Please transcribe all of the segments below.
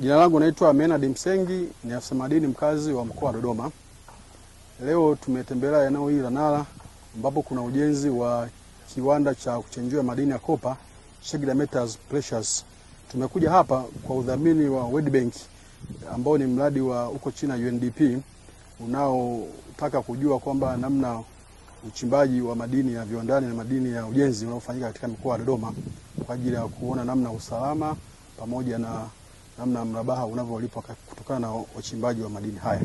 Jina langu naitwa Menard Msengi, ni afisa madini mkazi wa mkoa wa Dodoma. Leo tumetembelea eneo hili la Nala ambapo kuna ujenzi wa kiwanda cha kuchenjua madini ya kopa Singida Metals Precious. Tumekuja hapa kwa udhamini wa World Bank ambao ni mradi wa huko China UNDP unaotaka kujua kwamba namna uchimbaji wa madini ya viwandani na madini ya ujenzi unaofanyika katika mkoa wa Dodoma kwa ajili ya kuona namna usalama pamoja na namna mrabaha unavyolipwa kutokana na uchimbaji wa madini haya.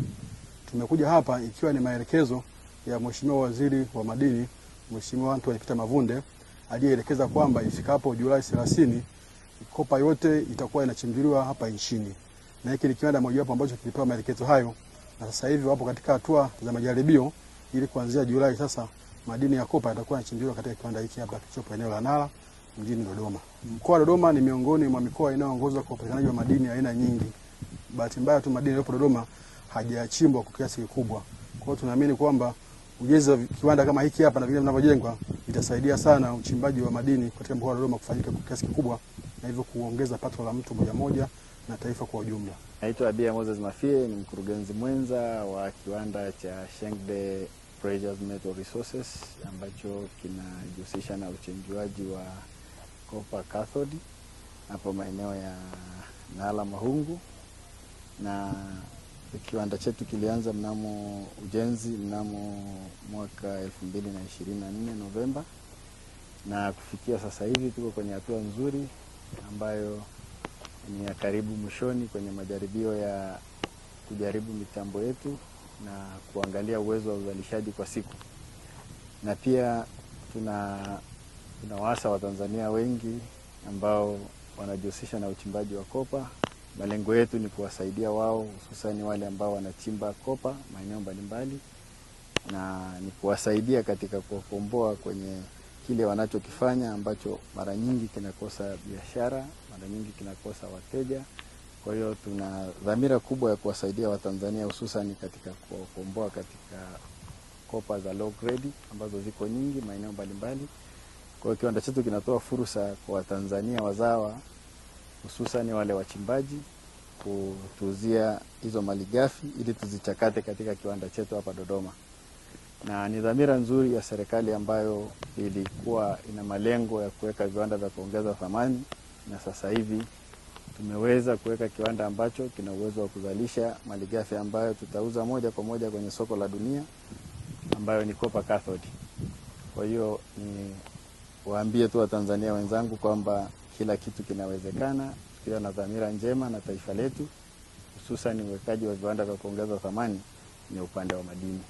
Tumekuja hapa ikiwa ni maelekezo ya Mheshimiwa Waziri wa Madini, Mheshimiwa Anthony Peter Mavunde aliyeelekeza kwamba ifikapo Julai 30 kopa yote itakuwa inachimbiliwa hapa nchini, na hiki ni kiwanda mojawapo ambacho kilipewa maelekezo hayo, na sasa hivi wapo katika hatua za majaribio, ili kuanzia Julai sasa madini ya kopa yatakuwa yanachimbiliwa katika kiwanda hiki hapa kichopo eneo la Nala mjini Dodoma. Mkoa wa Dodoma ni miongoni mwa mikoa inayoongozwa kwa upatikanaji wa madini aina nyingi. Bahati mbaya tu madini yaliyopo Dodoma hajachimbwa kwa kiasi kikubwa. Kwa hiyo tunaamini kwamba ujenzi wa kiwanda kama hiki hapa na vile vinavyojengwa itasaidia sana uchimbaji wa madini katika mkoa wa Dodoma kufanyika kwa kiasi kikubwa na hivyo kuongeza pato la mtu moja moja na taifa kwa ujumla. Naitwa Abia Moses Mafie, ni mkurugenzi mwenza wa kiwanda cha Shengde Precious Metal Resources ambacho kinajihusisha na uchenjuaji wa Copper Cathode hapo maeneo ya Nala Mahungu, na kiwanda chetu kilianza mnamo ujenzi mnamo mwaka nne Novemba, na kufikia sasa hivi tuko kwenye hatua nzuri ambayo ni ya karibu mwishoni kwenye majaribio ya kujaribu mitambo yetu na kuangalia uwezo wa uzalishaji kwa siku, na pia tuna Tunawaasa Watanzania wengi ambao wanajihusisha na uchimbaji wa kopa. Malengo yetu ni kuwasaidia wao, hususani wale ambao wanachimba kopa maeneo mbalimbali, na ni kuwasaidia katika kuwakomboa kwenye kile wanachokifanya ambacho mara nyingi kinakosa biashara, mara nyingi kinakosa wateja. Kwa hiyo tuna dhamira kubwa ya kuwasaidia Watanzania hususani katika kuwakomboa katika kopa za low grade ambazo ziko nyingi maeneo mbalimbali. Kwa kiwanda chetu kinatoa fursa kwa Watanzania wazawa hususani wale wachimbaji kutuuzia hizo gafi ili tuzichakate katika kiwanda chetu hapa Dodoma, na ni dhamira nzuri ya serikali ambayo ilikuwa ina malengo ya kuweka viwanda vya kuongeza thamani, na sasa hivi tumeweza kuweka kiwanda ambacho kina uwezo wa kuzalisha maligafi ambayo tutauza moja kwa moja kwenye soko la dunia ambayo ni copper cathode. Kwa hiyo ni waambie tu Watanzania wenzangu kwamba kila kitu kinawezekana tukiwa na dhamira njema na taifa letu, hususan uwekaji wa viwanda vya kuongeza thamani ni upande wa madini.